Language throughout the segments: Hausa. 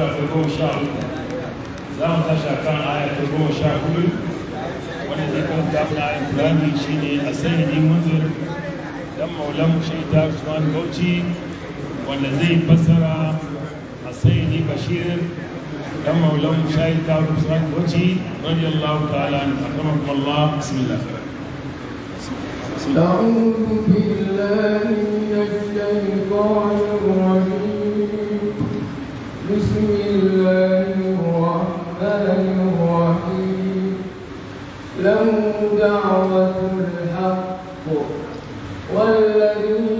sura ta goma sha uku za mu tasha kan aya ta goma sha hudu wanda zai karanta mana ayin kurani shi ne a sayyidi munzir dan maulan shi ta usman bauchi wanda zai fassara a sayyidi bashir dan maulan shi ta usman bauchi radiyallahu ta'ala an akramakumullah bismillah أعوذ بالله من الشيطان الرجيم الله الرحمن الرحيم له والذين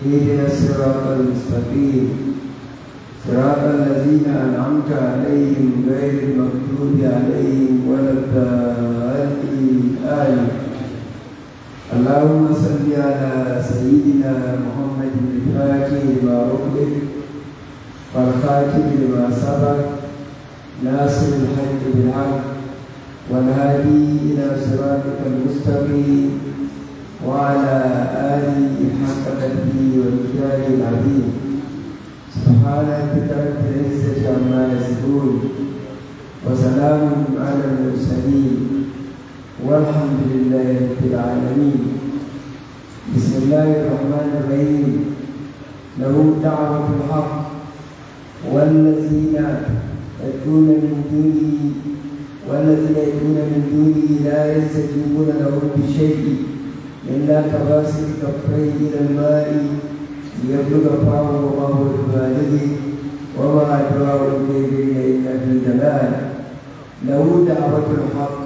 اهدنا الصراط المستقيم صراط الذين أنعمت عليهم غير المغضوب عليهم ولا الضالين آمين اللهم صل على سيدنا محمد الفاتح لما أغلق والخاتم لما سبق ناصر الحج بالعبد والهادي إلى صراطك المستقيم وعلى آله حق قدره ومقداره العظيم سبحان ربك العزة عما يصفون وسلام على المرسلين والحمد لله رب العالمين بسم الله الرحمن الرحيم له دعوة الحق والذين يدعون من دونه والذين يدعون من دونه لا يستجيبون لهم بشيء إلا كباسط كفيه إلى الماء ليبلغ فاه وما هو ببالغه وما أدراء الكيدين إلا في دلال له دعوة الحق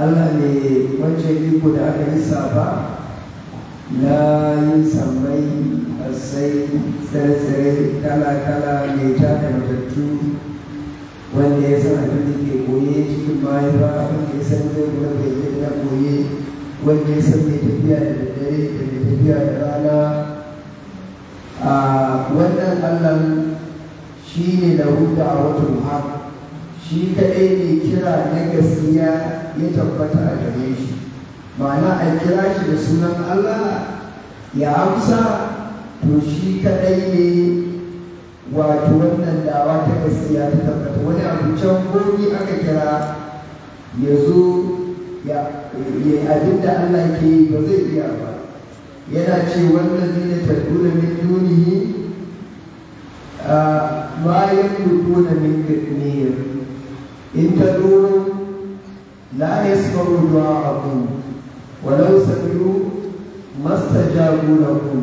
Allah ne wancan iko da aka lissafa na yin sammai sai tsare-tsare kala-kala mai ja da matattu wanda ya san abin da ke koye cikin mahaifa wanda ya san zai kuma bai koye wanda ya san tafiya da dare da tafiya da rana a wannan allah shi ne da hudu a watan har shi kaɗai ne kira na gaskiya ya tabbata a gare shi ma'ana a kira shi da sunan allah ya amsa to shi kaɗai ne wato wannan dawa ta gaskiya ta tabbata wani abu can gobe aka kira ya zo ya abin da Allah ke yi ba zai iya ba yana ce wannan zai da tattuna min dunihi ma yamlikuna min qitmir in ta taduru la yasma'u du'a'akum wa law sami'u mastajabu lakum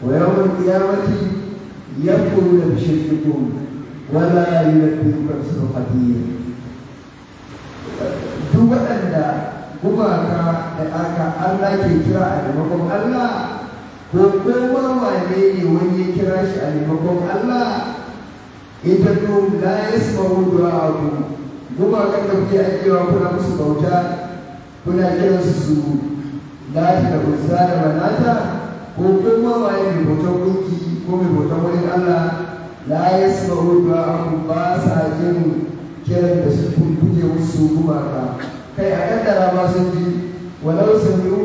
wa yawm al-qiyamati yakfuruna bi shirkikum wa la yunabbi'uka bi khabir gumaka da aka Allah ke kira a maimakon Allah ko kuma wane ne wani ya kira shi a maimakon Allah ita to la yasma'u du'a'akum kan da kuke ajewa kuna musu bauta kuna kiransu su lati da uzza da manata ko kuma waye mai bautar gunki ko mai bautar wani Allah la yasmahu du'a'akum ba sa jin kiran da su kuke musu gumaka kai a kaddara ba sun ji walau sami'u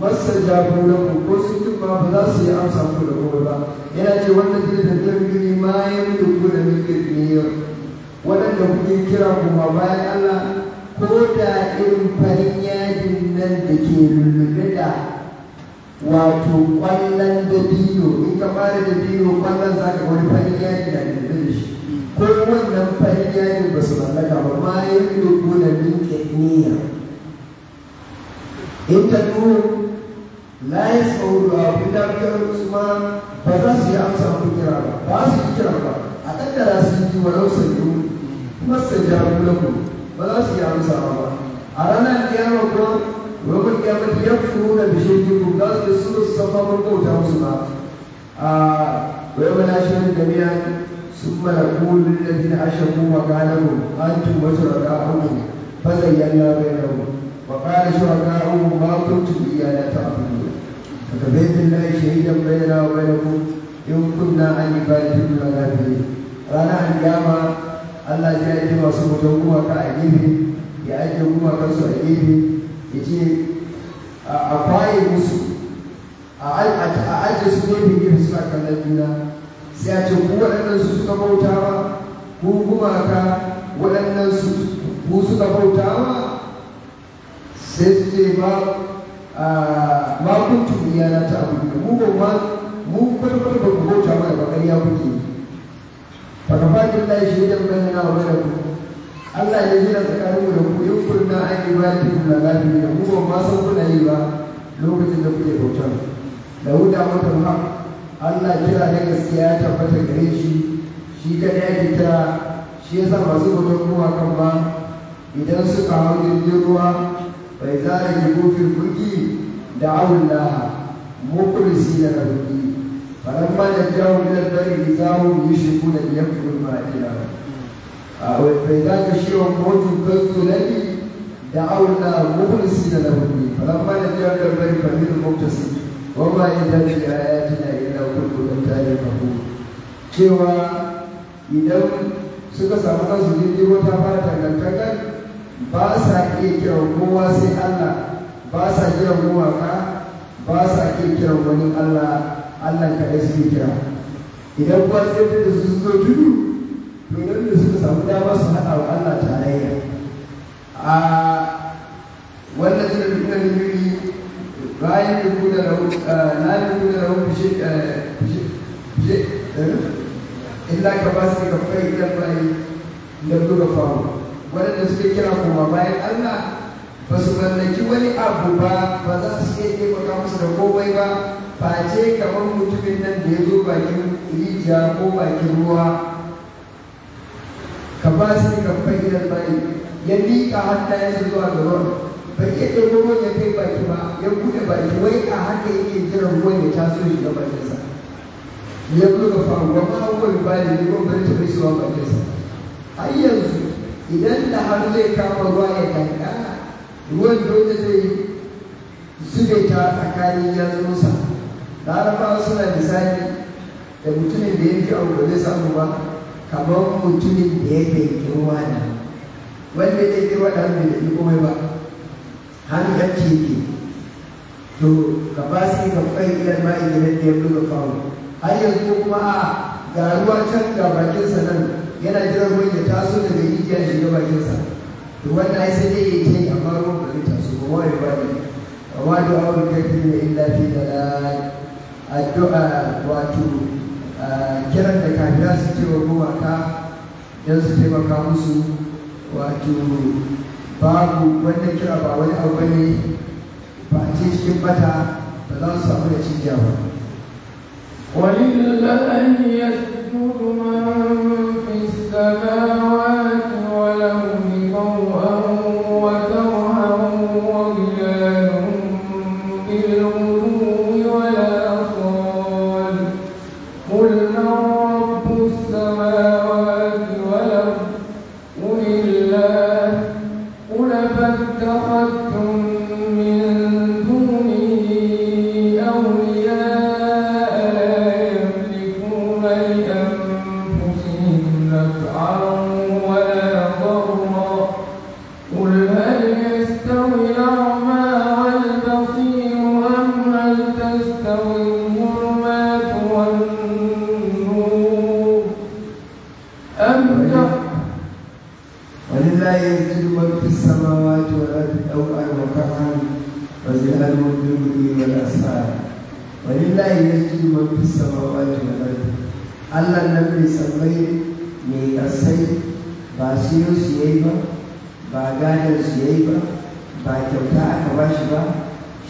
masa jabu na ko sun ji ba ba za su yi amsa ko da kuma ba yana ce wanda ke da dangane ma ya mutu ku da muke ne waɗanda kuke kira kuma bayan Allah ko da irin farin yajin nan da ke lulluɗa da wato kwallon dabino in ka fara dabino kwallon za ka wani farin yajin da ke da shi ko wannan farin yayin ba su mallaka ba ma ya yi da min kekniya in ta duru la ya tsawo da abin da su ma ba za su yi amsa ku kira ba ba su yi kira ba a kaddara su yi walau sanyu kuma su jaru ku ba za su yi amsa ba a ranar kiyama kuma ومن قيامته يكفرون بشرككم لا تسلوا الصفا من قوتهم wani ويوم لا شريك biya. ثم يقول للذين أشركوا مكانهم أنتم وشركاؤكم فزينا بينهم وقال شركاؤهم ما كنتم إيانا تعبدون فكفيت الله شهيدا بيننا وبينكم إن كنا عن عبادتكم لغافلين رانا القيامة Allah ya yi masu mutum kuma ka a gefe ya ajiye kuma kansu a gefe ya ce a kwaye musu a ajiye su gefe gefe suna kallon juna ya ce ku waɗannan su suka bauta ba ku gumaka waɗannan su ku suka bauta ba sai su ce ba ma kuntum iyana ta abu mu ba ma mu kwata-kwata ba ku bauta mana ba ƙarya kuke shi lai shaidan bayyana wa wajen ku Allah ya jira tsakaninmu da ku yi kurna a yi ba ta kula lafiya mu ba ma san kuna yi ba lokacin da kuke ba da huda mata haka Allah kira da gaskiya ya tabbata gare shi shi kada ya ta shi yasa masu gudun ruwa kan ba idan suka hau jirgin ruwa bai za a yi gofin kurki da awun laha mukulisi da karuki faran ba da jawo da dare da zawo yi shi kuna da yanku ma ila bai za ka shi wa kotu kansu lafi da awun na mukulisi da karuki faran ba da jawo da bari fahimin muktasi wamma idan bi ayatina illa kullum tare fahu cewa idan suka samu kansu jirgin wata fara tangantakar ba sa iya kiran kowa sai Allah ba sa kiran mawaka ba sa iya kiran wani Allah Allah kaɗai suke kira idan ba sai da su zo tudu to nan da suka samu dama su haɗa wa Allah tarayya a wannan jirgin da لا يملكون له لا يملكون له بشيء بشيء إلا كباسط كفيه إلى الماء لم يغفر waɗanda suke kira kuma bayan Allah ba su mallaki wani abu ba ba za su iya taimaka musu da komai ba face kamar mutumin nan da ya zo bakin rijiya ko bakin ruwa ka ba ka ya zuwa ga bai iya ɗauko ruwan ya kai baki ba ya buɗe baki wai a haka yake jiran ruwan ya taso shi ga bakinsa ya buga faru wa ma bi bali ne ko bar ta bisuwa bakinsa har yanzu idan da har zai kama ruwa ya danka ruwan dole zai zube ta tsakanin yatsunsa larabawa suna misali da mutumin da ya fi abu da samu ba kamar mutumin da ya bai ruwa ne wanda ya ke waɗanda da ya komai ba هل تجيبي to ka ba shi ka fai idan ma idan da ya buga fawo har yanzu kuma a ga ruwa can ga bakinsa nan yana jiran ruwan ya taso daga igiya shi ga sa to wanda ai sai dai ya ce amma ruwan ba zai taso ba wai ba ne amma da awon kafi da illa fi da addu'a wato kiran da kafira su ce wa gowaka don su taimaka musu wato babu wannan kira ba wani abu ba a ce cikin bata ba za su samu da cikiya ba ولله يسجد من في السماوات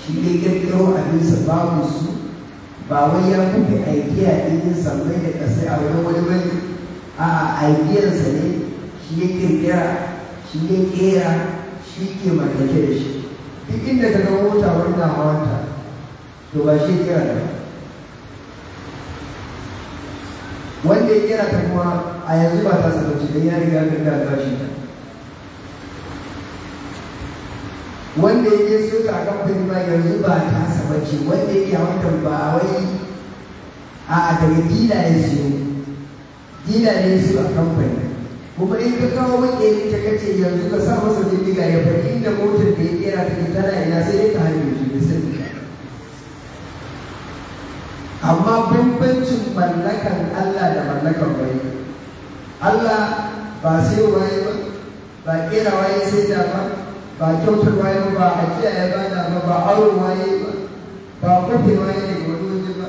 shi ne kirkiro abinsa babu su ba wai ya kuɗe aidiya ɗin yin sammai da ƙasai a wani wani bane a aidiyarsa ne shi ya kirkira shi ya ƙera shi ke mallake da shi duk inda ta ga mota wannan na hawanta to ba shi kira da wanda ya kira ta kuma a yanzu ba ta sabaci don ya riga ga gaza shi ba. wanda ya je so ta kamfani ma yanzu ba ta saba ce wanda ya iya wannan ba wai a daga dila ya siyo dila ne ya siyo a kamfani kuma in ka kawo yi ta kace yanzu ka sa masa diga ya fadi da motar da ya kera ta ke tana ina sai ya ta hanyar shi da sani amma bambancin mallakan Allah da mallakan bai Allah ba sai waye ba ba kera waye sai da ba ba kyautar waye ba a kiyaye bana ba ba auren waye ba ba kwafe waye ne wani wani ba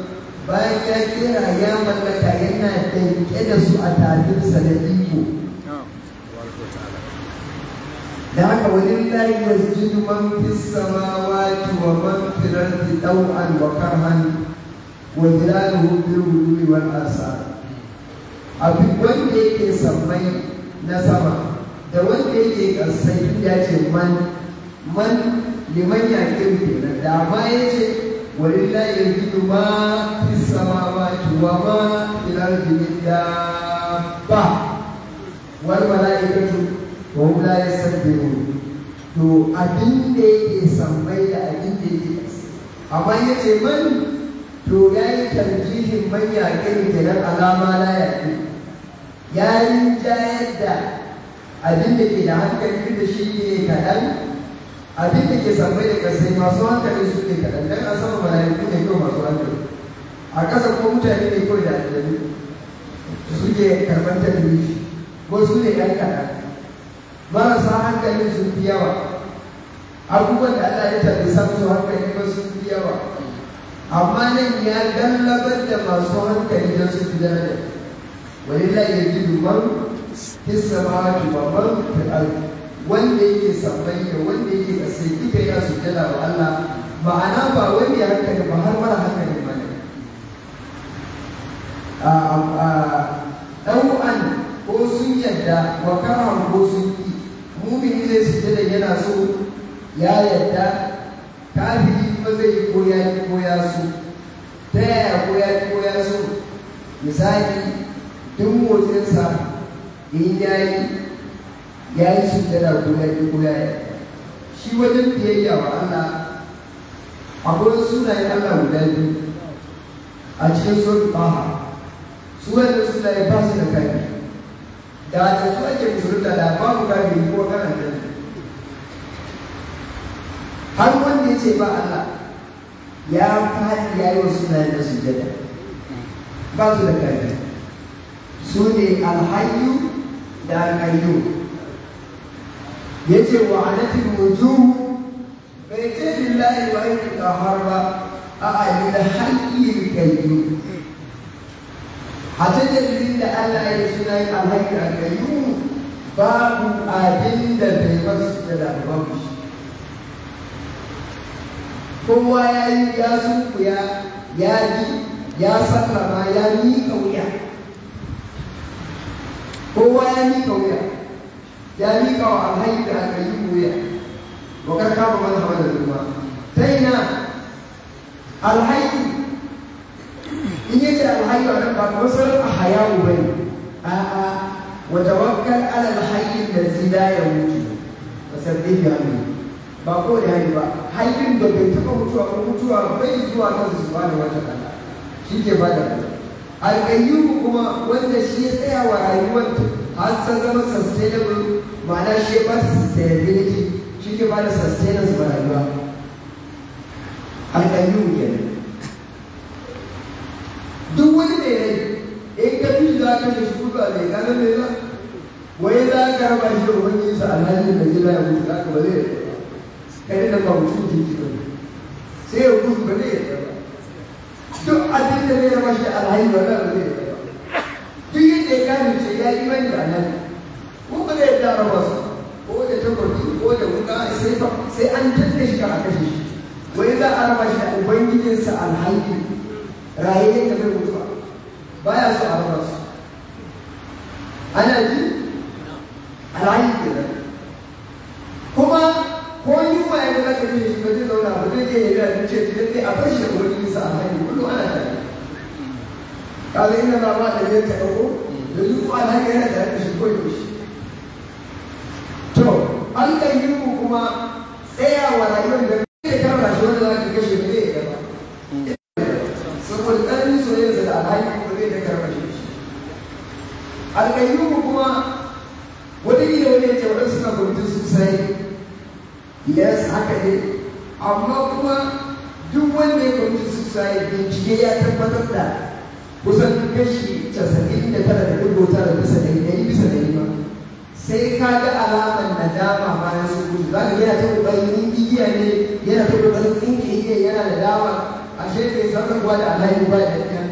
bayan ya kera ya mallaka yana da ɗauke da su a tafinsa da iko da haka wani layi ya ji man fi waki wa man fi rarti hannu, wa karhan wa hudu bil huduri wal asar abin wanda yake sammai na sama da wanda yake kasai ya ce man man liman ya kirki na dama ya ce walillahi yanzu ma fi ba wa ma fil da ba wal malaikatu wa hum la yasabbihun to abin da yake sammai da abin da yake amma ya ce man to ya yi tarjihin manya kai kenan alama la ya ya yi jayar da abin da ke da hankali duk da shi ne kaɗan abin da ke sammai da ƙasai masu hankali su ne kaɗan don a sama mala'iku ne kawai masu hankali a ƙasa ko mutane ne kawai da Su ke karɓar talibishi ko su ne ɗan kaɗan marasa hankali sun fi yawa abubuwan da Allah ya samu su hankali ba sun fi yawa amma nan ya gallabar da masu hankali don su fi Wani dana walillahi yajidu man fissa ma babban al wanda yake sabbai da wanda yake kasai duka su sujjada wa Allah ma'ana ba wanda ya haka ba har mara haka ba ne ɗau'an ko sun yadda wa kama ko sun yi mumini zai sujjada yana so ya yadda kafiri ba zai yi ko ya yi ko so ta yaya ko ya yi ko ya so misali duk motsinsa in ya yi ya yi sujjada ko ya yi ko ya yi shi wajen biyayya wa Allah akwai sunayen Allah guda biyu a cikin sun baha su da sunaye ba su da kai da da su ake musulunta da babu kafin ko kana da har wanda ya ce ba Allah ya faɗi ya yi wa sunayen da sujjada ba su da kai su ne alhayu da kayo ya ce wa bai ce lillahi wa ainihin kahar ba a da haƙƙi kayo a ta dalilin da Allah ya suna yin alhaƙi a kayo babu abin da bai masu da babu shi kowa ya yi ya sunkuya ya ji ya sallama ya miƙa wuya kowa ya yi wuya ya yi mika a alhaji da alhaji wuya wa karka kama mana hawa da ruwa ta na, alhaji in yace alhaji wannan ba kamar sauran a haya ba ne a'a wa tawakkal ala alhaji da zida ya mutu ba sabbi ya mutu ba ko da hali ba hayyun da bai taɓa mutuwa ko mutuwa bai zuwa kansa subhanahu wata ta'ala shi ke ba da mutuwa alƙayyuku kuma wanda shi ya tsaya wa rayuwar har ta zama sustainable ma'ana shi ya ba sustainability shi ke ba da sustenance ma rayuwa alƙayyuku ne duk wani mai rai in ka fi za ka shi kudu a mai gane mai ba wai za ka karba shi da wani sa alhaji da jira ya mutu za ka ba zai yi ba kai da ba mutum jiki ba sai ya mutu ba zai yi ba duk abin da zai raba shi alhaji zai duk yadda ya gane ce ya yi mani da nan ko ba zai da raba su ko da ko da wuka sai sai an tattace shi a kashe shi wai za a raba shi ubangijinsa raye mutuwa baya a raba su ana ji kenan kuma ko yunwa ya ga ka ce shi ba zai zauna ba zai iya yi da ce ce dai a bar shi da wani nisa a hanyar kullum ana tare kaga ina na ma da ya ta ko da zuwa na yana tare da shi ko yaushe to an kan yi kuma tsayawa rayuwar da ke kama shi wanda za karuwa da alhaji ba da ɗan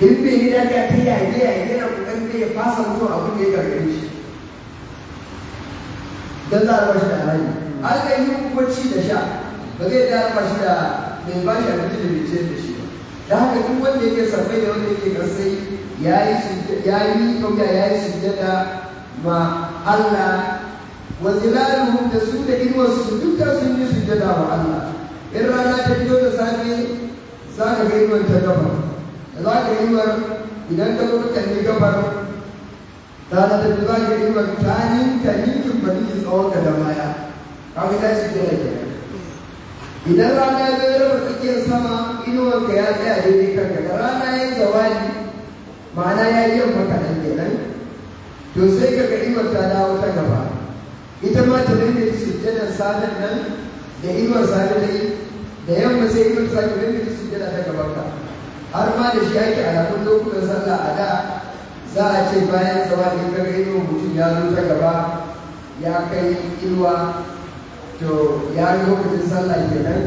in bai yi a ta yage yage na kokarin da ya fasa mutu a da ya gargare shi dan za a raba shi da alhaji alhaji yi kwanci da sha ba zai da ba shi da mai ba shi abinci da mai bincin da shi da haka duk wanda yake sarfai da wanda yake garsai ya yi kauya ya yi sujjada ma Allah wa zilaluhum da su da inuwarsu duka sun yi sujjada wa Allah in rana ta fito da safe za ka ga inuwar ta gabar da za ka yi inuwar idan ka zo ka yi gabar rana ta fito za ka yi inuwar ta ninka ninkin ba ninkin tsawon ka da baya ka ga ta shi gina ke idan rana ya zo raba tsakiyar sama inuwar ka ya tsaya daidai kanka da rana ya yi zawali ma'ana ya yi yamma kaɗan kenan to sai ka ga inuwar ta dawo ta gaba ita ma ta su sujjadan sanin nan da inuwar sani ta yi da yamma sai inuwar sani ta yi su jira ta gaban har ma da shi ake alamun lokutan sallah a da za a ce bayan tsawa da ka ga inuwar mutum ya zo ta gaba ya kai inuwa to ya yi lokacin sallah ke nan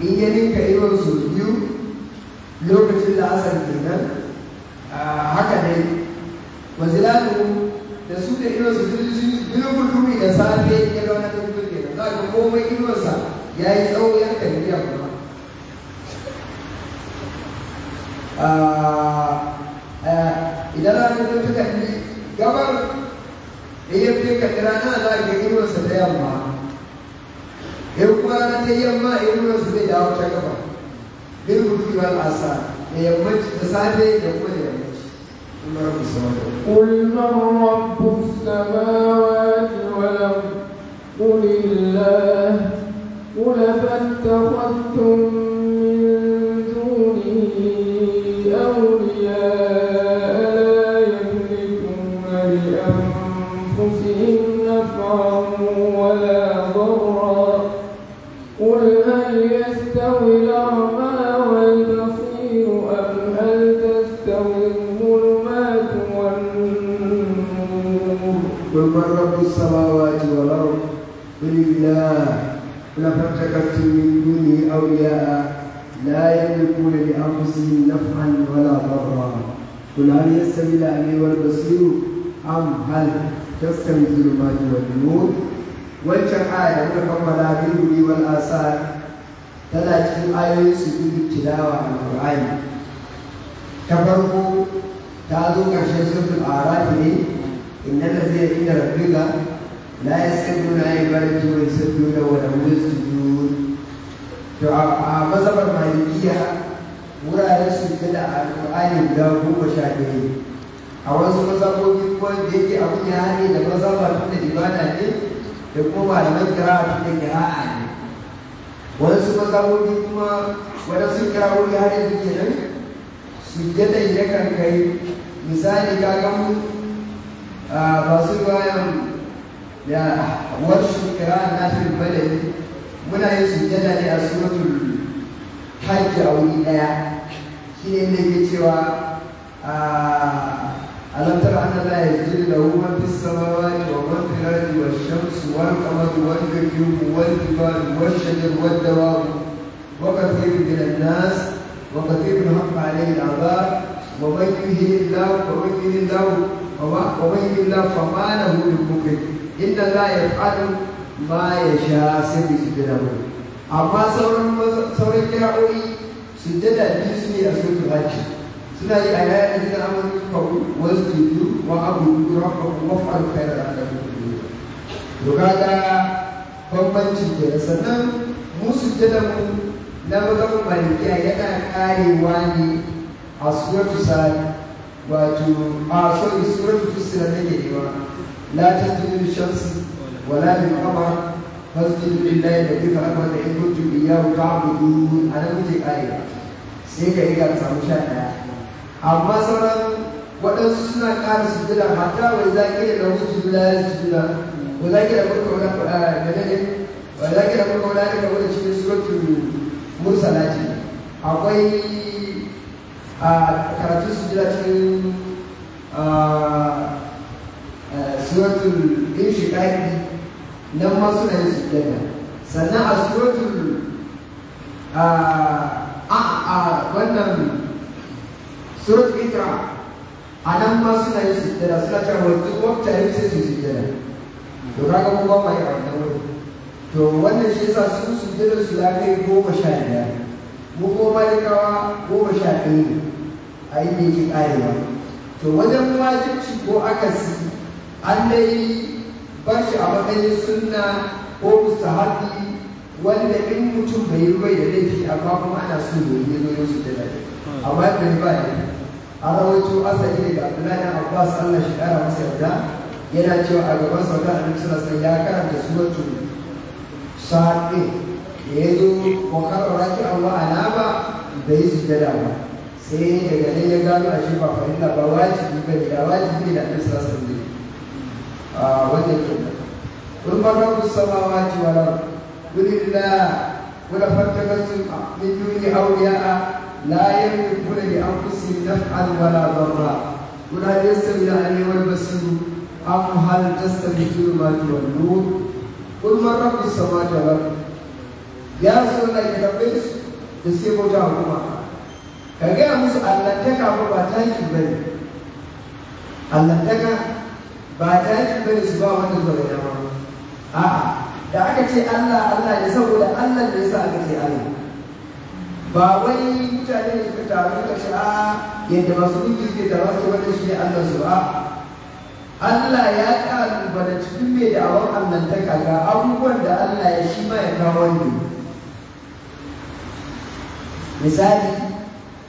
in ya ninka inuwar su biyu lokacin da asar nan haka dai wazilalu da su da inuwar su biyu sun yi da safe ya ga wani ba ga komai imansa ya yi tsawo ya tarbiya kuma ah, ah, idan rana ta fi kalli gabar da ya fi kalli rana za ga imansa ta yamma in kuma rana ta yamma imansa zai dawo ta gaba bin rufi wal asa da yammaci da safe da kuma da yammaci قل من رب اتخذتم من دونه أولياء لا يملكون لأنفسهم نفعا ولا ضرا قل هل يستوي الأعمى والبصير أم هل تستوي الظلمات والنور قل من رب السماوات والأرض قل الله لفاتخذتم من دونه أولياء لا يملكون لأنفسهم نفعا ولا ضرا قل هل يستوي الأعمى والبصير أم هل تستوي الظلمات والنور wancan aya da muka kammala tana cikin ayoyin su bi tilawa a qur'ani ta farko ta zo ƙarshen a araf ne inna zai inda rabbika yi لا يستدلون عبادته ويستدلون ولو يسجدون to a mazhabar malikiya wuraren sujjada a alƙur'ani guda goma sha ɗaya a wasu mazhabobi kuma da yake abu ya hane da mazhaba tun da ibada ne da kuma malaman kira'a tun da a ne wasu mazhabobi kuma sun kira waɗansu kira'o'i har yanzu kenan sujjada yakan kai misali kaga mu ba su bayan da wasu kira na fil balai muna yin sujjada ne a suratul hajji a wuri daya shi ne ne ke cewa ah, alam tara anna la yajidu lahu da fis samawati wa man fil ardi shamsu wal qamaru wal nujumu wal jibalu wa shajaru wad dawabu wa kathirun minan nas wa kathirun haqqa alayhi al-'adab ومن يهن الله ومن يهن الله ومن يهن ma na hudu من inda Allah ya faɗi ma ya sha sai bai sujjada ba amma sauran sauran kira'o'i sujjada biyu su ne a sun hajji suna yi a yayin da suna amurka kawo wasu jidu wa abu rabba kuma faru kai da ranar to kaga da ya sannan mu sujjada mu na mazan malikiya yana karewa ne a suratu sa'ad wato a sorry suratu ke yi wa لا تسجد للشمس ولا للقمر فاسجد لله الذي خلقك ان كنتم اياه تعبدون أنا مجيك آية سيكا إيجا تسامشا Amma sauran waɗansu suna ƙara sujjada hatta wai za ki da wasu sujjada ya sujjada wa za ki da mulka wani da nade wa za ki da mulka wani da wani cikin suratul mursa ce akwai a karatun sujjada cikin Eh, suratul inshiqaqi nan ma suna yin sujjada sannan a suratul a wannan suratul ikra a nan ma suna yin sujjada suna cewa wata wata yin sai su sujjada to kaga mun ba mai a wannan wuri to wannan shi yasa su sujjada su ya kai goma sha biyar mu ko malikawa goma sha ɗaya ne a inda yake ƙarewa to wajen wajibci ko akasi an dai shi a matsayin sunna ko mustahabi wanda in mutum bai yi bai da laifi amma kuma ana so ya yi zo yin sujjada ne amma da ba ya a rawaito asali daga Abdullahi Abbas Allah shi kara masa yarda yana cewa a gaban sauka Annabi sallallahu alaihi ya karanta suratul sa'id ya zo wa karara ki Allah ba? bai yi sujjada ba sai daga nan ya gano a shi ba fa'ila ba wajibi ba da wajibi da Annabi sallallahu وجه الجنة قل من رب السماوات والأرض قل الله ولقد اتخذتم من دونه أولياء لا يملكون لأنفسهم نفعا ولا ضرا قل هل يستوي الأعمى والبصير أم هل تستوي الظلمات والنور قل من رب السماوات والأرض يا رسول الله كتبت تسيبوا جاهكما كجاء مسألة تكا مباتاكي بني Allah daga ba ta yakin bane su ba wanda zuwa da dama a'a da aka ce Allah Allah ne saboda Allah ne yasa aka ce Allah ba wai mutane da suka taru suka ce a yadda masu kuɗi suke taru su wanda shi ne Allah su Allah ya kalubala cikin mai da awon annantaka ga abubuwan da Allah ya shi ma ya kawo ne misali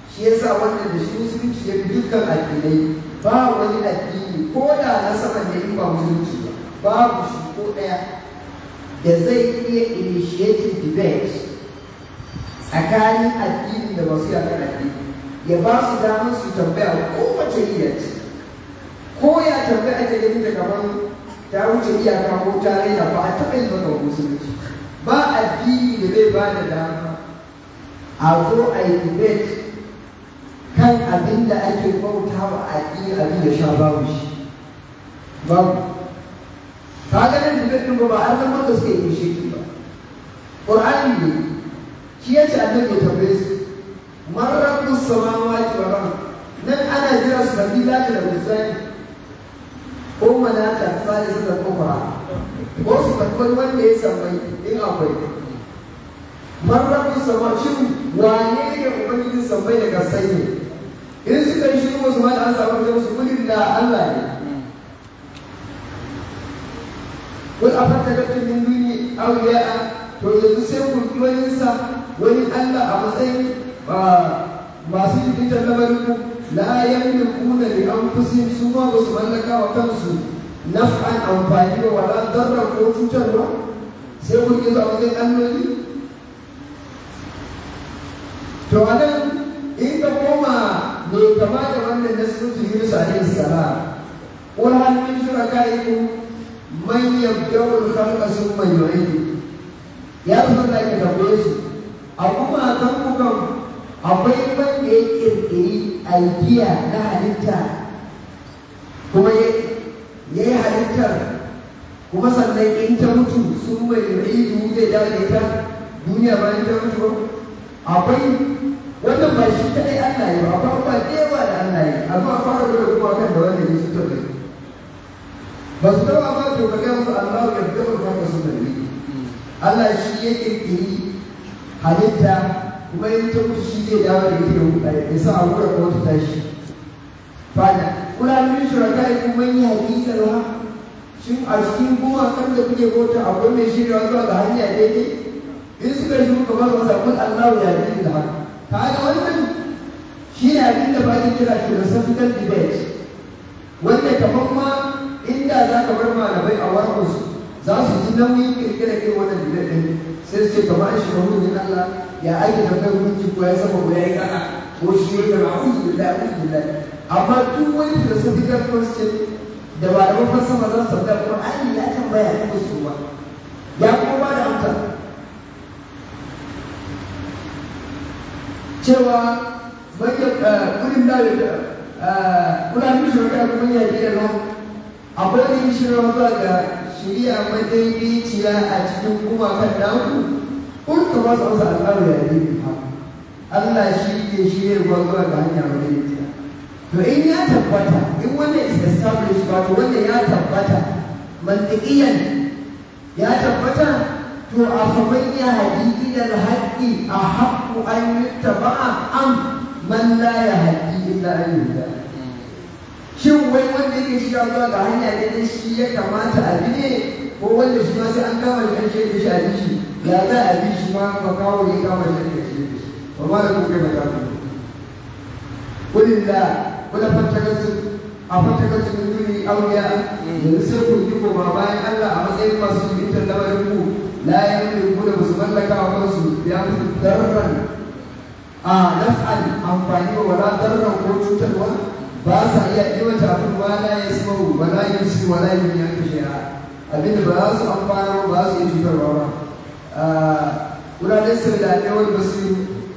shi yasa wanda da shi musulunci ya dukkan addinai ba wani addini ko da na saman da ba musulunci ba babu shi ko ɗaya da zai iya initiating debate tsakanin addini da masu yakan addini ya ba su damar su tambaya ko wace ce ko ya tambaya ta gani da gaban ta wuce iyaka ko ta raina ba a taɓa yi maka musulunci ba addini da zai ba da dama a zo a yi debate kan abin da ake bauta wa aƙi abin da sha babu shi babu ta ganin da ɗin ba har zama da suke yi shi ba ƙur'ani ne shi ya ce abin ya tabbai su marrabu samawati wa ram nan ana jira su nabi lati da musani ko malaka sani su da kofara ko su tabbar wanda ya samai in akwai marrabu shi wane ne ubangijin da daga sanyi in suka yi shiru wasu mata an samu da musu gudun da Allah ne kun a fata gabtin min duni auliya to yanzu sai ku ki wani Allah a matsayin masu jikintar lamarin ku la yamlikuna li anfusihim su ma ba su mallaka wa kansu naf'an amfani wa wala darra ko cutarwa sai ku ki zuwa matsayin alloli to a nan in ka koma bai kamata wannan da wannan na surutu Yunus alaihi salam qul hal min shurakaikum man yabda'u al-khalqa thumma yu'idu ya zo da ke da su a kuma kan ku kan akwai wanda ya kirkiri aljiya na halitta kuma ya yi halittar kuma sannan in ta mutu sun mai yu'idu zai dawo da ita duniya bayan ta mutu akwai wannan ba shi kadai Allah ya ba ba da yawa da Allah ya amma fara da kuma kan da wannan ya ta kai ba su dawa ba to ga musu Allah ya da ba ka su dai Allah shi ya kirkiri halitta kuma ya ta musu shi zai dawo da yake da ya sa a wurin wata tashi fada kula shura shuraka kuma yi hakikar wa shi a cikin gumakan da kuke bota akwai mai shirya zuwa ga hanya daidai in suka shi kuma ba su samu Allah ya yi da haka kaga wannan shi ne abin da bakin kira philosophical debate wanda kamar ma inda za ka bar malamai a warkus za su ji nauyin kirkira irin wannan debate din sai su ce ba shi ga ni Allah ya ake da kai hujji ko ya saba ko ya yi kana ko shi ya gaba hujji billahi hujji billahi amma duk wani philosophical question da malaman falsafa za su tambaya Qur'ani ya tambaya kuma su ba ya kuma ba da amsa cewa eh, kudin da eh, kuna mishi wata kuma ya biya nan akwai shirin zuwa ga shirya madaidaiciya a cikin kuma kan kun kuma wasu alƙawar ya yi ha Allah shi ke shiryarwa zuwa ga hanya madaidaiciya to in ya tabbata in wannan is established wato wanda ya tabbata mantiƙiyan ya tabbata أفمن يهدي إلى الحق أحق أن يتبع أم من لا يهدي إلا أن يهدى shin wai wanda yake shiga zuwa ga hanya daidai shi ya kamata a bi ne ko wanda shi ma sai an kama shi an da shi a bi shi ya za a bi shi ma ka kawo ne kama shi an da shi ba ma da kuka ba kama shi kulilla kula fattakasu a fattakasu min duni auliya yanzu sai ku yi koma bayan Allah a matsayin masu yi lamarin ku la yamliku da su mallaka wa kansu ya fi darran a naf'an amfani wa la darran ko cutarwa ba sa iya aiwata abin ba la ya samu ba la ya ci wa la ya yi yanki a abinda ba za su amfana ba su yi cutarwa ba wuraren sai da yawan ba su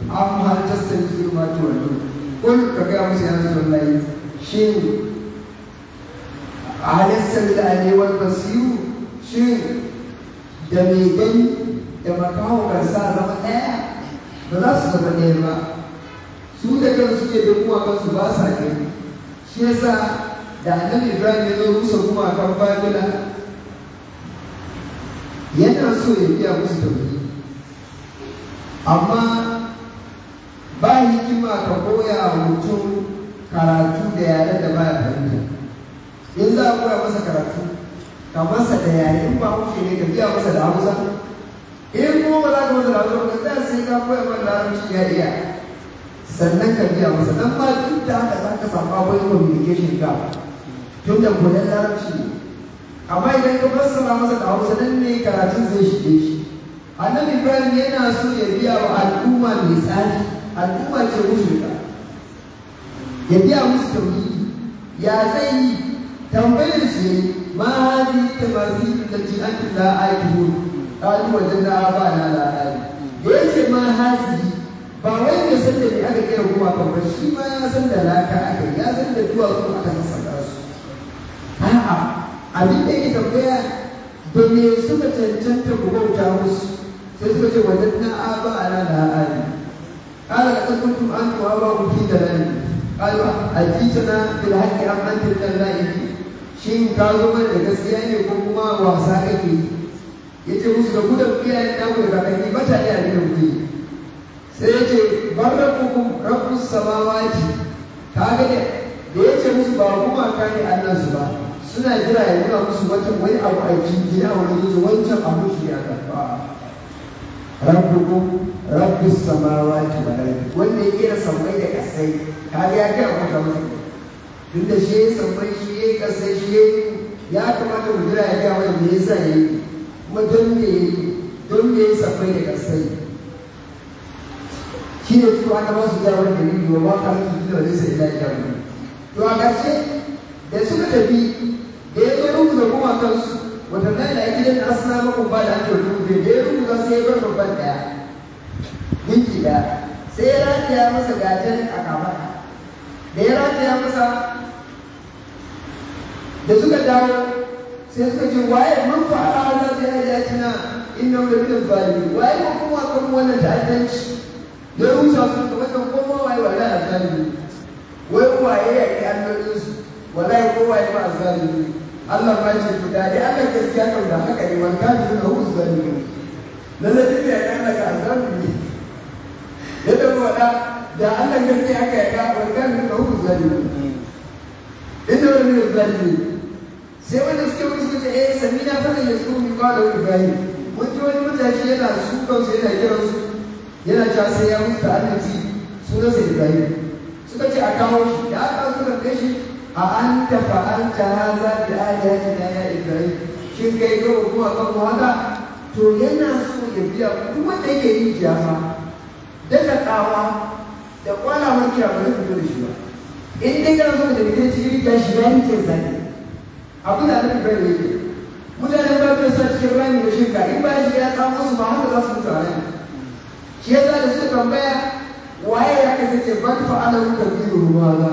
an har tasta yi su ma ta wani kun ka gaya musu yana zuwa layi shi a halittar da yawan ba su yi shi da mai gani da makaho kan sa zama ɗaya ba za su zama ɗaya ba su da kan suke da gumakansu ba sa gani shi yasa da annabi ibrahim ya zo rusa gumakan babila yana so ya biya musu tauri amma ba hikima ka koya wa mutum karatu da yare da baya fahimta in za a koya masa karatu ka masa da yare in ba kuke ne ka biya masa da hausa in eh, kuma ba za ka masa da hausa ba ka sai ka koya mana da hausa ya iya sannan ka biya masa dan ma duk da haka za ka samu akwai communication ga tun da koyon da ne amma idan ka fassara masa da hausa nan ne karatun zai shige shi annabi ibrahim yana so ya biya wa al'umma mai tsari al'umma ce musulka ya biya musu tauhidi ya zai yi tambayar su yayi ma hadi tabazi lati anta la aidu qalu wajanna ba na aidu da yace ma hadi ba wai ya san da me aka kira ruwa ba ba shi ma ya san da laka aka ya san da duwa ko aka sassaka su a'a abin da yake tambaya da me suka cancanta ku bauta musu sai suka ce wajanna abana la aidu قال لقد كنتم انتم واباكم في دلال da اجيتنا an ام انتم كالنائبين shin ka zo da gaskiya ne ko kuma wasa kake ya ce musu da gudan iyayen ku da kakanni ba ta iya ne ku sai ya ce barrakukum samawa ce ka ga da ya ce musu ba kuma ka ne Allah su ba suna jira ya nuna musu wata wani abu a jiki a wani yanzu wancan abu shi ya karba samawa ce ba da ardi wanda ya kira samai da kasai ka ga ya kira kuka musu tunda shi ya sammai shi ya kasai shi ya ya kamata mu jira ya ga wani me yasa ya yi kuma don me don me ya sammai da kasai shi ne su aka ba su jawar da ni ba ka mutu da wani sai da ya to a ƙarshe da suka tafi da ya zo rubuta kuma kansu waɗannan da ake yin asina makon ba da ake rubuta da ya rubuta sai ya bar babban ɗaya minti ɗaya sai ya rataya masa gajen a kamata da ya rataya masa da suka dawo sai suka ce waye mun fara za zai yi ayatina inna wa min zalimi waye ko kuma kan wannan ta'addanci da rusa su da wannan koma waye wa ra'a zalimi wai waye ya ki annabin su wallahi ko waye ba zalimi Allah ba shi ku da dai Allah gaskiya kan da haka ne man ka ji na hu zalimi lalle duk ya kan da zalimi yadda mu wada da Allah gaskiya ka ya ka ban ka ji na hu zalimi inna wa min zalimi sai wanda suke wani suka ce eh sami na fata ya su min kawo da ibrahim mun ji wani matashi yana su kansu yana kiran su yana cewa sai ya mutu musu ta'annati sunansa ibrahim suka ce a kawo shi da aka suka kai shi a an tafa an ta haza da ayati na ya ibrahim shin kai ga hukuma kan haka to yana so ya biya kuma da yake yin jama daga tsawa da kwala wanke a bari fito da shi ba in dai kana so da mutum cikin shi ya yanke zane abin da annabi bai yi Mutane ba bai sa cikin rami da shirka in ba shi ya kawo musu ba haka za su mutu a shi yasa da suka tambaya waye ya kai ce ban fa'ala ruka biyu ruwa za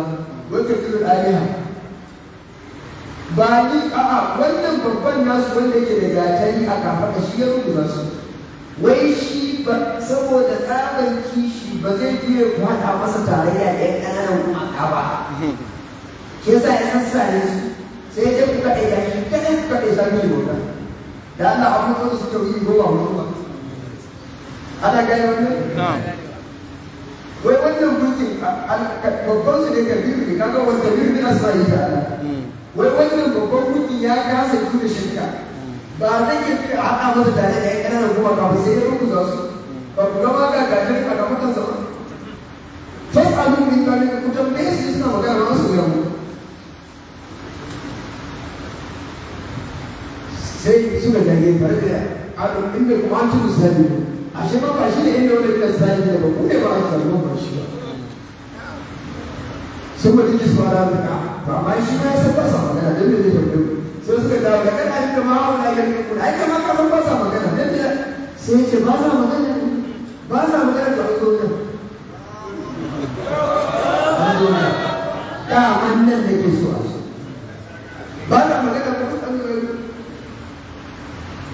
wata biyu aliha ba ni a'a wannan babban nasu wanda yake da gatari a kafaɗa shi ya rubuta su wai shi ba saboda tsaban kishi ba zai fiye ku haɗa masa tarayya da ƴan ƙananan maka ba ke sa ya sassa ne su sai dai ku kaɗai ya shi kaɗai ku kaɗai zaki bauta da Allah abubuwan da suke yi goma hudu ba ana gani wannan wai wannan dutse babban su ne kabiru ne kaga wanda biyu ne asali da Allah wai wannan babban ya kasa tuna shirka ba zai iya fi haɗa masa tare da ƴan ƙananan kuma kafin sai ya rubuta su ba ku gama ga gajiyar a kamutan sama fasalu min kalin ku tambaye su suna magana masu yamu sai suka dage farko da abu inda kuma an tudu sani a shi ba shi ne inda wani kan sani da ba kuma ba a ba shi ba sun ba jiki su ba da ka to shi ma ya san ba sa magana don da zai tafi sai suka dawo da kan aiki ma wani ya yi kuma ma kasan ba sa magana don da sai ce ba sa magana ba sa magana ta wato da daman nan da ke so a shi ba sa magana ba sa magana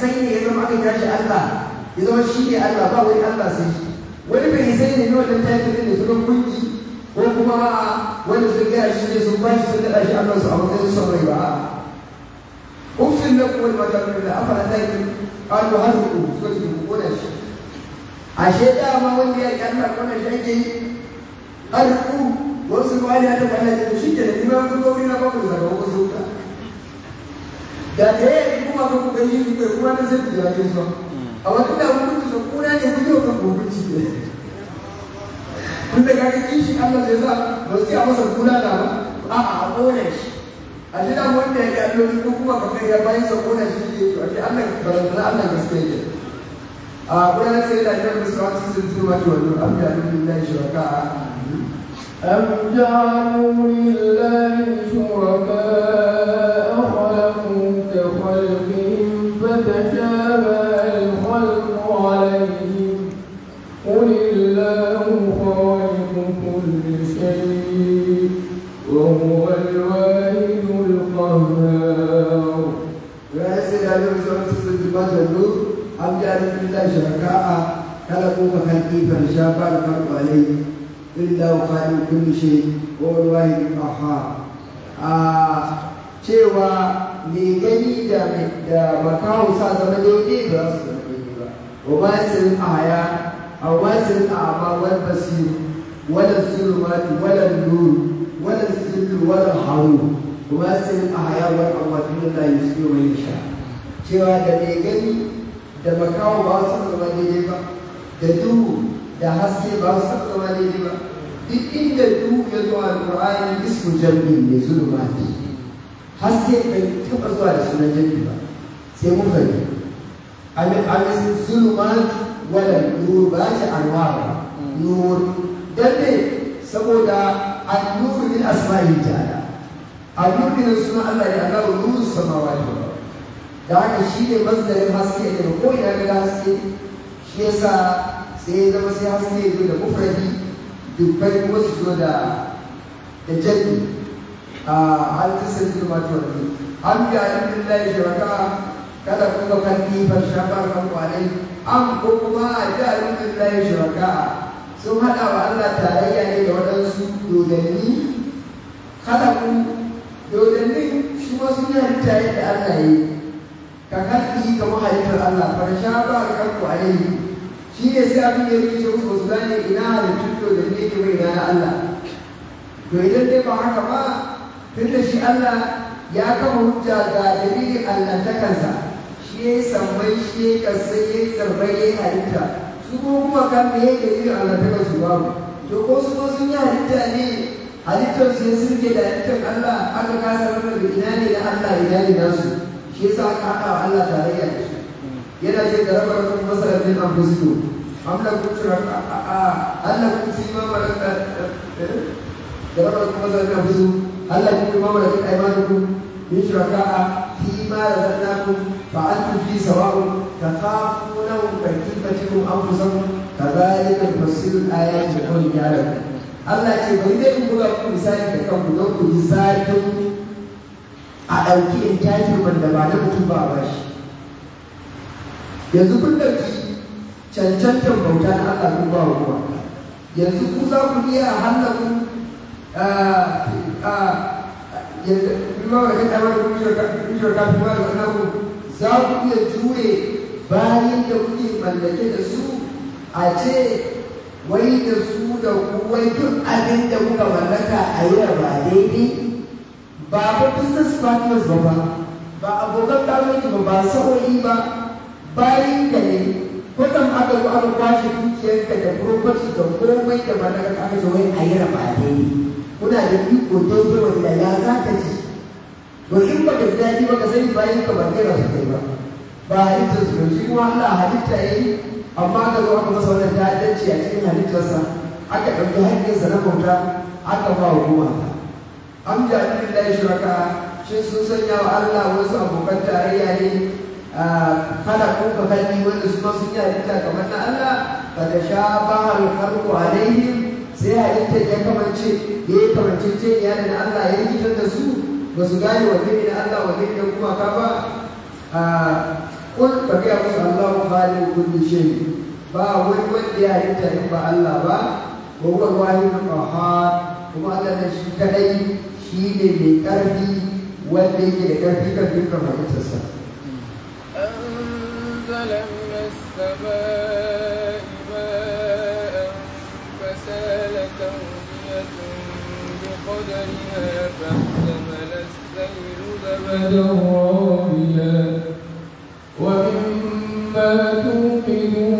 sai ne ya zama aka tashi Allah ya zama shi ne Allah ba wani Allah sai shi wani bai sai ne wannan tashi ne su suka kunki ko kuma wanda suka gaya shi ne sun bashi sun daɗa shi Allah su a matsayin son rai ba uffin na kuwa ba ta da afala ta yi ƙalu har hukun suka ce ku kona shi ashe dama wanda ya yi Allah kona shi ake yi har hukun wasu ruwa ne a taɓa na jini shi ke da ni ba ku gauri na ba ku zaka wasu hukun da tayari kuma ka kuma na a ne gudu kan hukunci ne tun da kaga kishi Allah zai sa ba su a masa kuna da ba a'a a kone a shi dan wanda ya ga alloli ko kuma ka kai ya bayan sa kona shi ne to shi Allah barazana Allah gaskiya a kuna na sai da Annabi sallallahu alaihi wasallam sun wato جعلنا من سورة السجن جنود أم جعلنا لله شركاء خلقوا كخلقه فنشابه الخلق عليه إلا وخالق كل شيء هو الواحد القهار cewa mai gani da makawo sa zama daidai ba su zama daidai ba wa ba su su a'ama wal basir wala zulmati wala nur wala zillu wala haru cewa da mai gani da makawo ba su zama daidai ba da duhu da haske ba su zama daidai ba duk inda duhu ya zo a ƙur'ani isku jami ne ba ne haske bai taɓa zuwa da sunan jami ba sai mu fari zuru ba ne wala nuru ba ta anwara nuru dan ne saboda an nuru min asma'i ta'ala a nuru min suna Allah ya Allah nuru ne ba. da haka shi ne mazdarin haske ya ko ina ga haske shi yasa sai ya zama sai haske ya zo da mufradi dubbai kuma su zo da da jaddi a halittar zulmatu wani an biya ibn lillahi shuraka kada ku ga kalli farsha barkan kwalai an ko kuma a ji alimin layi shuraka sun haɗa wa Allah tarayya ne da waɗansu dodanni kada ku dodanni shi wasu ne halitta yadda Allah ya yi ka kalli ka mahalittar Allah farsha ba a kanku a yi. shi ne sai abin da ya rike su gane ina halittun to da ne ke mai na Allah to idan dai ba haka ba da shi Allah ya kama hujja ga dalilin allantakansa shi ya yi sambai shi ya kasai ya yi tsarrai ya yi halitta su ko kuma kan me ya dalilin allantakansu babu to ko su ko sun yi halitta ne halittarsu ya sirke da halittar Allah aka kasa da ina ne da Allah ya ne nasu shi yasa aka haɗa wa Allah tarayya da shi yana ce da rabar kun masarar min anfusikum am lakum shuraka Allah kun fi ma maraka da eh, rabar kun masarar min anfusikum Allah kun fi ma maraka aymanukum min shuraka fi ma razaqnakum fa'altum fi sawa'un takhafunahum ka kifatikum anfusakum kadhalika nufassilu al-ayati kawai gyara. Allah ce bari dai in buga ku misali da kanku don ku ji zakin a ɗauki in tashi wanda ba na mutum ba ba shi yanzu kun ɗauki cancantar bauta na Allah ku ba ruwa yanzu ku za ku iya hannaku yanzu kuma ku za ku iya jure bayan da kuke mallake da su a ce wai da su da ku wai duk abin da kuka mallaka a yi ba daidai ba ba business partners ba ba ba abokan kasuwanci ba ba sa'o'i ba bayan ka ne kan aka yi aka kwashe dukiyarka da property da komai da ba na aka zo a yi raba ne kuna da iko daidai wanda ya za ka ji to in ba ka ji daɗi ba ka sani bayan ka ba kai ba su kai ba ba halittar su shi kuma Allah halitta ya yi amma ka zo aka masa wani ta'addanci a cikin halittarsa aka ɗauki haƙƙinsa na bauta aka ba wa gumaka am ja'alun lillahi shuraka shi sun sanya wa Allah wasu abokan tarayya ne kada ku ka kalli wanda su ma sun yi halitta kamar na Allah ba da sha ba har khalqu alaihim sai a halitta ya kamance ya yi kamance ce ya da Allah ya yi da su ba su gane wa gini da Allah wa gini da kuma ka ba kun ka gaya musu Allah wa halin kulli shi ba wani wanda ya yi ta ba Allah ba ko wani al-wahid kuma Allah da shi kadai shi ne mai ƙarfi wanda yake da ƙarfi kan dukkan halittarsa أنزل من السماء ماء فسالت أودية بقدرها فاحتمل السيل زبدا رابيا ومما توقدون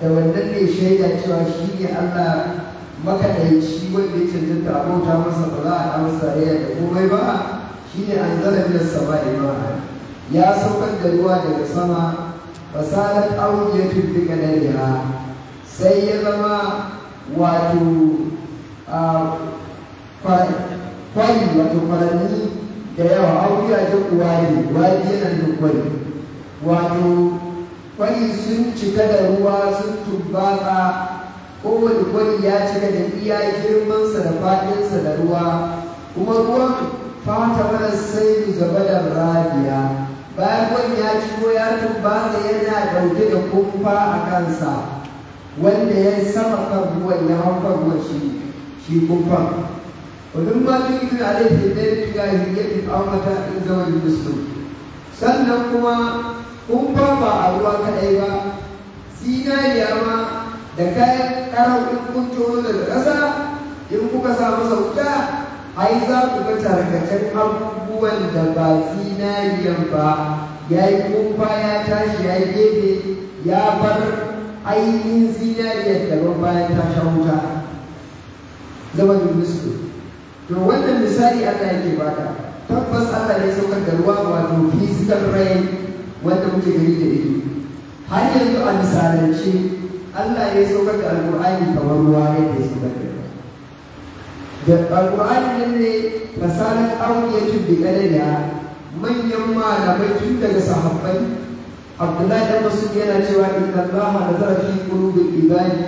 da wannan ne shaida cewa shi ne Allah makaɗaici wanda ya cancanta a bauta masa ba za a masa rayuwa da komai ba shi ne an zara biyar sama imana ya saukar da ruwa daga sama fasalar auriyatun duka dariya sai ya zama wato kwari wato kwarani da yawa auriya ta kuwa ne wani yana da kwari wato kwari sun cika da ruwa sun tumbatsa kowane kwari ya cika da iya girmansa da faɗinsa da ruwa kuma ruwan fata mana sai zaba da rabiya bayan wani ya ciko ya tumbatsa yana ɗauke da kumfa a kansa wanda ya sama kan ruwan ya hau ruwan shi shi kumfan ولما تكمل عليه في البيت تجاهية أو متاع زوج المسلم sannan kuma kun ba a ruwa kaɗai ba zinariya ma da kayan ƙarar in kun da ƙasa in kuka samu masa wuta ai za ku ga tarkacen abubuwan da ba zinariyan ba ya yi kumfa ya tashi ya yi gefe ya bar ainihin zinariyar daban bayan ta sha wuta zama da musu to wannan misali Allah yake bada tabbas Allah ne saukar da ruwa wato physical rain wanda muke gani da ido har yanzu a misalance Allah ya saukar da alƙur'ani kamar ruwa yadda ya saukar da da alƙur'ani nan ne fasalar auriyatun da ƙalila manyan malamai tun daga sahabbai Abdullahi dan Masud yana cewa inna Allah nazara fi da ibadi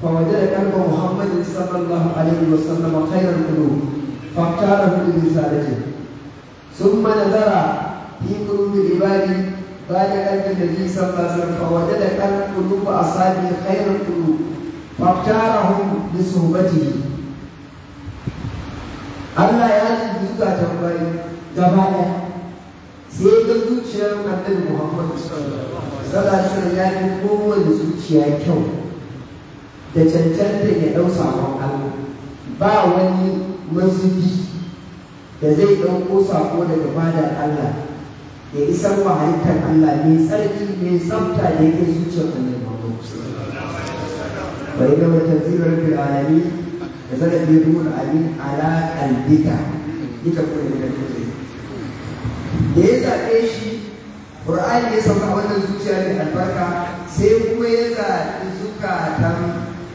Fa waje da فوجد قلب محمد صلى الله عليه وسلم خير القلوب sun mana zara fi kuru da ibadi. بعد قلب النبي صلى الله عليه وسلم فوجد قلوب أصحابه خير القلوب فاختارهم لصحبته Allah ya ji zukatan tambayi gaba ɗaya sai ga zuciyar annabi Muhammad sallallahu alaihi ya yi kowane zuciya kyau da da ya dausa Allah ba wani mazubi da zai ɗauko sako daga bada Allah ya isar wa halittar Allah mai tsarki mai tsafta da yake zuciyar annabi Muhammad wa inna wa tanzilul rabbil alamin da zaka bi ruhul amin ala qalbika duka kuma da kake da da ya zaɓe shi Qur'ani ya sauka wannan zuciya mai albarka sai kuma ya zaɓi zukatan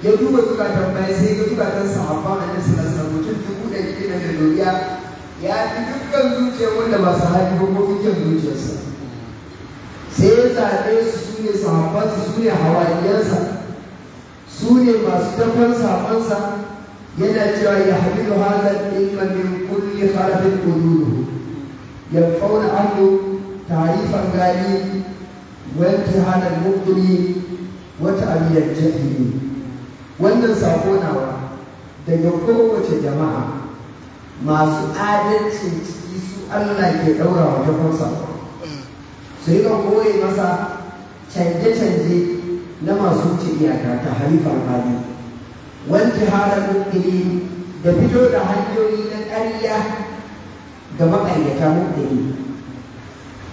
ya duba zukatan bai sai ya zukatan sahabban annabi sallallahu da wasallam mutum dubu ɗari da doriya ya fi dukkan zuciya wanda ba su hali ba ko kyan zuciyarsa sai ya zaɓe su su ne sahabbansa su ne hawaiyansa su ne masu tabbar sabansa yana cewa ya hamilu hazar ɗinka ne kulle harfin ƙududu ya fauna annu tarifan gani wanke hana mukuri wata abiyar jahili wannan sako nawa daga kowace jama'a masu adalci ciki su Allah ke ɗaura wa jafansa su yi kan koyi masa canje-canje na masu wuce iyaka ta halifar bali wanke hada mummuni da fito da hanyoyi na ƙarya ga ma'aikata mummuni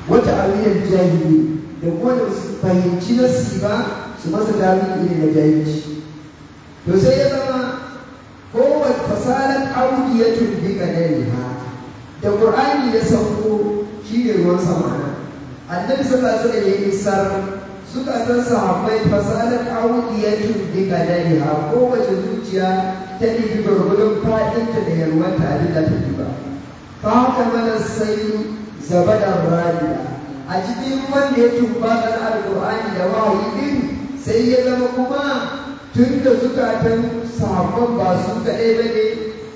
wata aliyar jahili da kowane fahimci na ba su masa dami ne na jahilci to sai ya zama kowace fasalar audiyatun kadariha da qur'ani ya sauko shine ruwan sama annabi sallallahu alaihi wasallam ya isar suka ga sahabbai fasalat awdiyatu bi kadariha ko wace zuciya ta dibi gurgurun fadinta da yarwanta a da ta diba fa haka mana sai zabadar radiya a cikin wanda ya da alkur'ani da wahayi din sai ya zama kuma tun da zukatan sahabban ba su kaɗai ba ne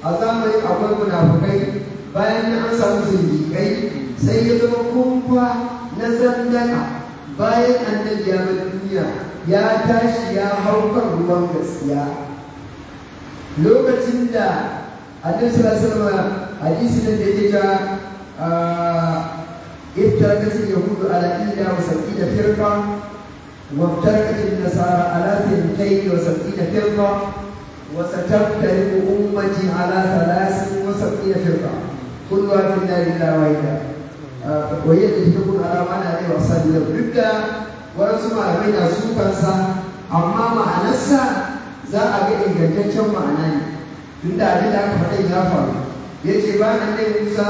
a zamani akwai munafukai bayan na an samu zindiƙai sai ya zama kumfa na zandaka bayan annabi ya bar duniya ya tashi ya hau kan ruwan gaskiya lokacin da annabi sallallahu alaihi hadisi nan da yake ta ah, iftarakatin yahudu ala ila wa sab'ina firqa wa iftarakatin nasara ala da wa da firqa وستفترق أمتي على ثلاث وسبعين فرقة كلها في النار إلا da وهي التي تكون على معنى عليه وصلي ضد ورسم بين سوقنسا أما معنسا za a ga ingantaccen ma'ana ne tun da abin da aka faɗa ya faru ya ce ba nan ne musa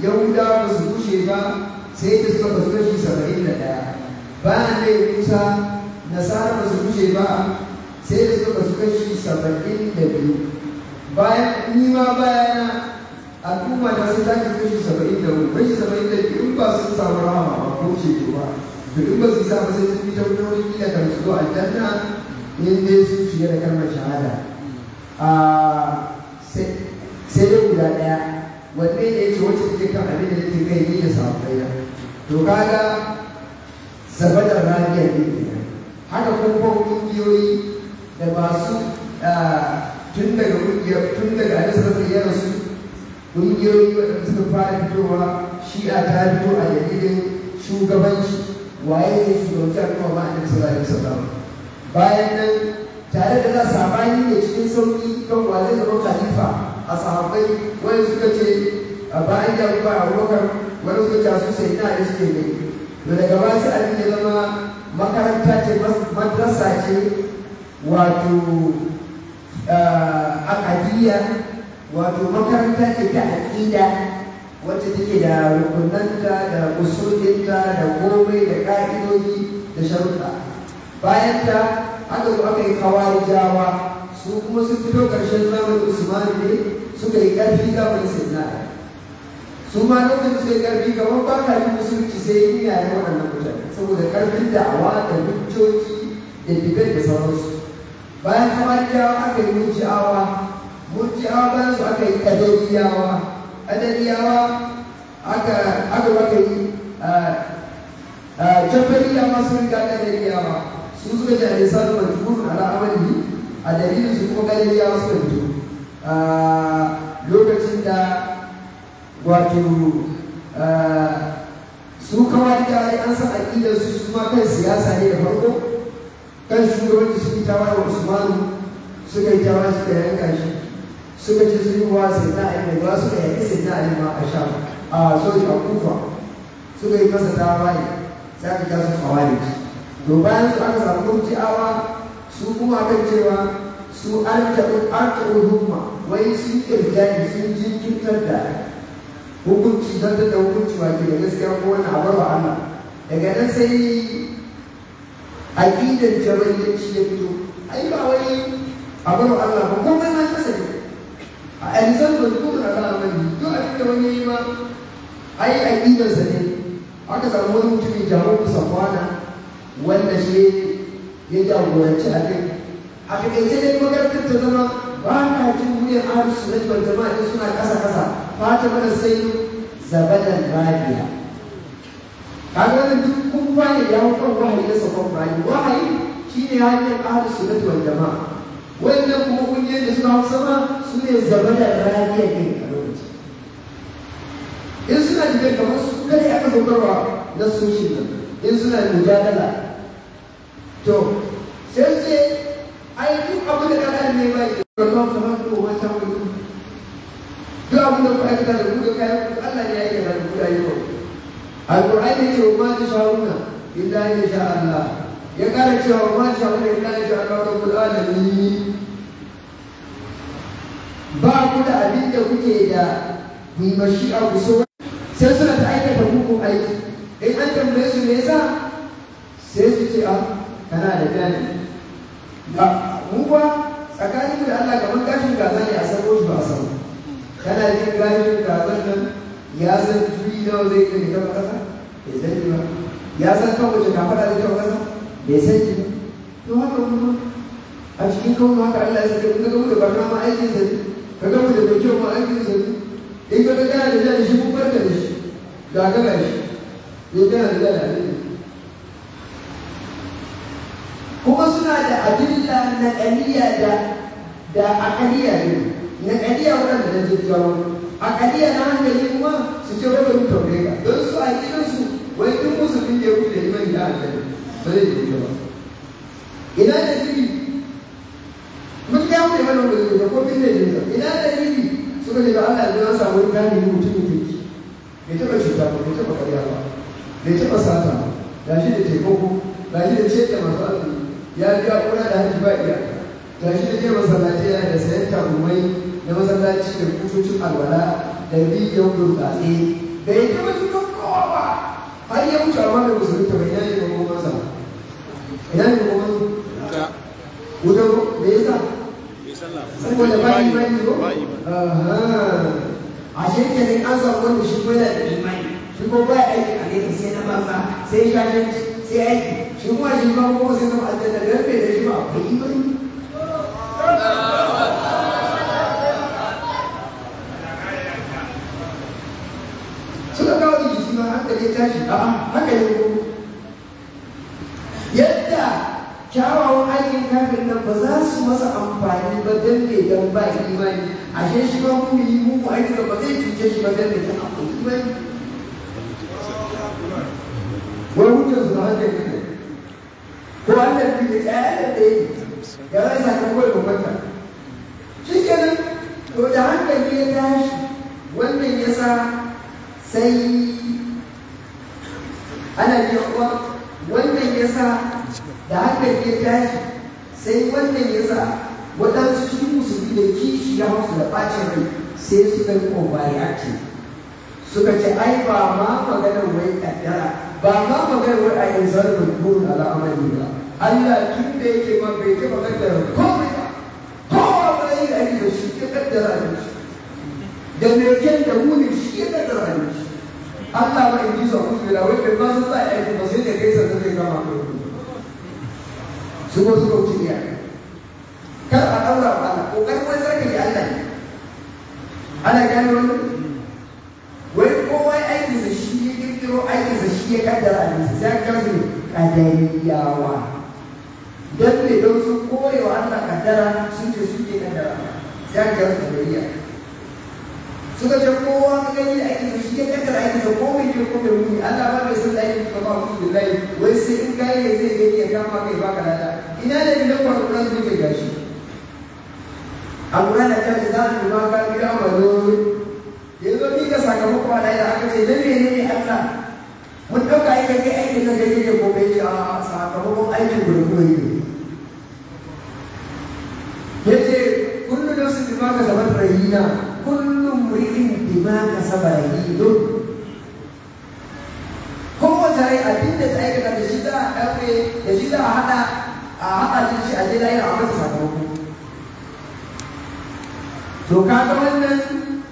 yahudawa ba su bushe ba sai da suka kasu kashi saba'in da ɗaya ba nan ne musa nasara ba su bushe ba sai da suka shi kashi da biyu bayan ni ma bayana al'umma da sun suka shi sabbin da biyu kashi sabbin da biyu in ba sun samu rama ba ko ceto ba to in ba su ba sai sun bi ta wani kila kan su zo aljanna in dai sun shiga da kalmar shahada sai dai guda ɗaya wanne ne ya ce wacce take kan abin da take kai ni da samu to kaga bid'a ta fito a dalilin shugabanci waye ne shugabanci al'umma ma annabi sallallahu alaihi wasallam bayan nan tare da za sabani ne cikin sauki kan wa zai zama khalifa a sahabbai wani suka ce a bayan da ba a wakar wani suka ce su sai na iske ne da daga ba sai abin da zama makaranta ce madrasa ce wato akadiyya eh, wato makaranta ce ta aƙida wacce take da rukunanka da usulinka da komai da ka'idoji da sharuɗa bayan ta aka zo aka yi jawa, su kuma sun fito ƙarshen zamanin usman ne suka yi ƙarfi zamanin sinna su ma lokacin su yi ƙarfi kamar ba ka yi musulunci sai yi yayin waɗannan mutane saboda ƙarfin da'awa da hujjoji da dibet da sauransu bayan jawa aka yi mujiyawa mujiyawa bayan su aka yi ƙadariyawa adaliyawa aka aka baka yi jabbariya masu riga adaliyawa su suka ce a lisan majhul ala amali a dalilin su kuma adaliyawa suka fito lokacin da wato su kawai da an san aƙidar su su ma kan siyasa ne da farko kan shugabanci su yi tawa da usmanu suka yi tawa suka yanka shi suka ce sun yi wa sai na ayi ba su ne yaki sai na ayi ma a sha a so a kufa suka yi masa tawaye sai aka kira su khawarij to bayan su aka samu murji'awa su kuma kan cewa su artaɓu hukuma wai sun irjani sun jinkirtar da hukunci don da hukunci wa ke da gaskiya ko wani abar wa Allah daga nan sai aƙidar shi ya fito ai ba wani wa Allah ba kai ma ya ne. a elisan da kuma da ranar wani duk abin da wani yi ma ai aƙidarsa ne aka samu wani mutumin jawo kusa kwana wanda shi ya jagoranci abin a takaice kuma makarantar ta zama ba na jin muryar ahlu sunnati wal jama'a suna kasa kasa fata mana sai zabadan rabiya kaga nan duk kun bani ya hukun wahayi da sakon bani wahayi shine hanyar ahlu sunnati wal jama'a wannan kuma kungiyar da suna hau sama su ne zama da rariya ne a lokaci in suna jikin kamar su kare aka kafa na soshin nan in suna mujadala to sai su ce ai duk abin da kada ne ba ya kwallo kamar ko wata wani duk abin da kuka aikata da kuka kayan ku Allah ne ya yi da kuka yi ba alƙur'ani ya ce wa ma ta sha'una illa ya sha Allah ya kara cewa ba shi abu da ya sha Allah rabbul alamin ba ku da abin da kuke da himashi a kuso sai suna ta aikata muku aiki in an tambaye su me yasa sai su ce a ah, kana da gani ba mu ba tsakanin da Allah kamar gashin gaza ne a sabo shi ba sabo kana jin gashin gaza nan ya san juyi nawa zai kai kama kasa ya zai ba ya san kawai wace kafaɗa zai kama kasa bai san shi to haka kuma a cikin kauna haka Allah ya saka kaga mu da barna ma aikin sa kaga mu da kyau ma aikin sa in kaga kana da jani shi mun barka da shi ga gaba shi in kana da jani kuma suna da adilla na ƙaliya da da akaliya ne na ƙaliya waɗanda na jirgin akaliya na hankali kuma su ce wani mutum ne don su a su wai duk musu da ya kuɗe imani da hankali ba zai daidaita ba ina da dalili mun ga mai mana wani da ko bin da jinsa ina da dalili suka ce da Allah ya an samu wani gani ne mutum ne taɓa cuta ba bai taɓa ƙarya ba bai taɓa sata ba ga shi da taimako ga shi da ceta masu arziki ya biya ƙura da hajji ba iya ga shi da ke masallaci yana da sayan taburmai na masallaci da kutocin alwala da rigiyar burtsatse bai taɓa cutar kowa ba har ya wuce amma da musulunta bai yaji ba ko masa ba ina ne kuma wuta me ko a shirka ne an ko da ko kuma kuma da jiki ma hankali ya tashi a'a haka ne su masa amfani ba dan ne don ba imani ashe shi ba mu yi mu mu aiki ba zai cuce shi ba don ne dan akwai imani wai hujjar su da hankali ne ko hankali ɗaya da ɗaya ya zai sakamakon da sai suka yi overreacting suka ce ai ba ma maganar wai kaddara ba ma maganar wai a yanzu da burin al'amari ba Allah tun da yake ma bai taɓa kaddara komai ba kowa ba yi da da shi ta kaddara da shi da mai kyan da muni shi ya kaddara da shi Allah ba in ji sa kusa da wai bai ba su za a yi ba sai da kai sa zai gama kai su ko su kauce iya kar a ɗaura ba ko kar wani zarka Allah ne ana gane wani wai kowa da shi ya kirkiro da shi ya kaddara abinci sai aka kasu kadariyawa don me don su koyewa Allah kaddara sun ce suke kaddara sai aka kasu kadariya suka ce kowa ka gani da shi ya kaddara aiki ko kowa ya kirkiro da muni Allah ba bai san da aikin ka ba mutu da lai wai sai in kai ya zai gani ya kama kai baka lada ina da idan kwanan kwanan zai gashi a gudana ta jahannam ma kan bi amalu yanzu ni ka sakamako a da aka ce ne ne Allah mun ɗauka ai kai aiki na gari ne ko kai a sakamakon aikin gurguwa ne yace kullu nafsin bima kasabat rayina kullu murin bima kasaba rahinun kowace rai abinda ta aikata da shi za a da shi za a haɗa a shi a je lahira a masa sakamako to kaga wannan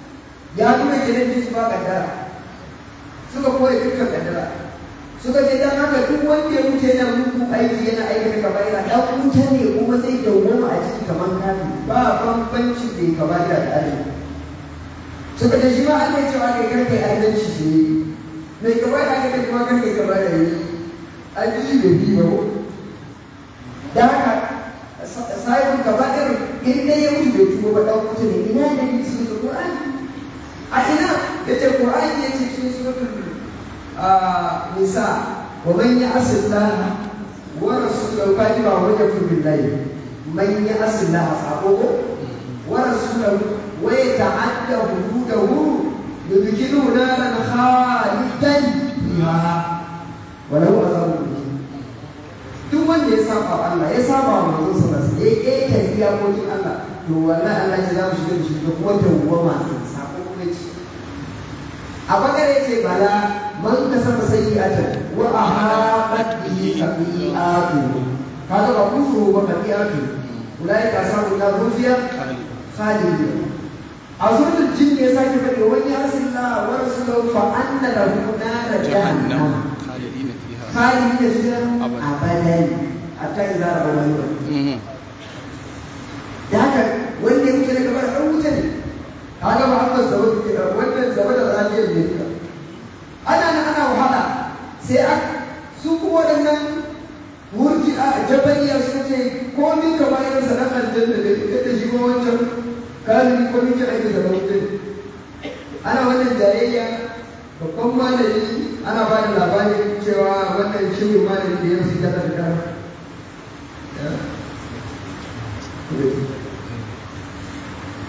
ya nuna gidan su ba kaddara suka kore dukkan kaddara suka ce dan haka duk wanda ya wuce yana muku aiki yana aikata kabaira dan wuce ne kuma zai dawwama a ciki kamar kafi ba bambanci bai kabaira da arziki suka ce shi ma an ya ce wa kai karkai adalci shi ne mai kabaira ka kai kuma karkai kabaira ne addini da biyu da haka sahibin gaba ɗin in dai ya mutu bai tuwo ba ɗan mutu ne ina da yi sun su a ina ya ce Qur'ani ya ce cikin suratul nisa wa man ya asillaha wa rasulahu kaji ba wa yafu billahi man na sabo ko wa rasulahu wa yata'adda hududahu yudkhilu naran khalidan wani wa lahu wanda ya saba wa Allah ya saba wa manzon sa sai ya kyauta iyakokin Allah to wannan Allah ya zama shi da shi da kuma tawwa masu sako ne ce a bakar ce bala man ka saba sai ya ta wa ahabat bihi sabiatu kaza ba ku so ba ka iyatu ulai ka samu da rufiya khalid a zuwa jin ne ya sake fadewa wani asila wa rasulullah fa annana hudana jahannam خالد يسير أبدا حتى إذا رأوا الوجه da haka wanda ya wuce daga bara an wuce ne kaga muhammad zawadi ke wannan zawadi da aliyar ne ka ana nan ana wahala sai a su kuma waɗannan wurji a jabariya suka ce komi kamar bayar sanar aljanna da ita da shi ma wancan kalin komi ki aiki da mutum ana wannan jayayya babban malami ana ba da labarin cewa wannan shi malami da ya rasu da dama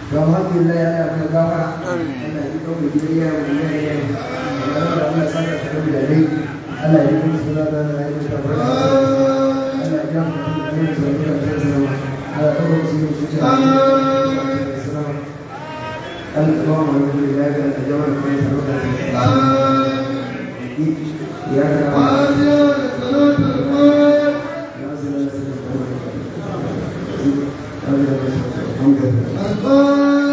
Alhamdulillah ya Allah mai gafa Allah ya kawo mu gidan yaro da yaro yaro Allah ya Allah saka ta kabi da dai Allah ya kuma sura da Allah ya ta fara Allah ya mu da mu da mu da mu Allah ya kawo mu cikin yi Assalamu alaikum wa rahmatullahi wa barakatuh Alhamdulillah.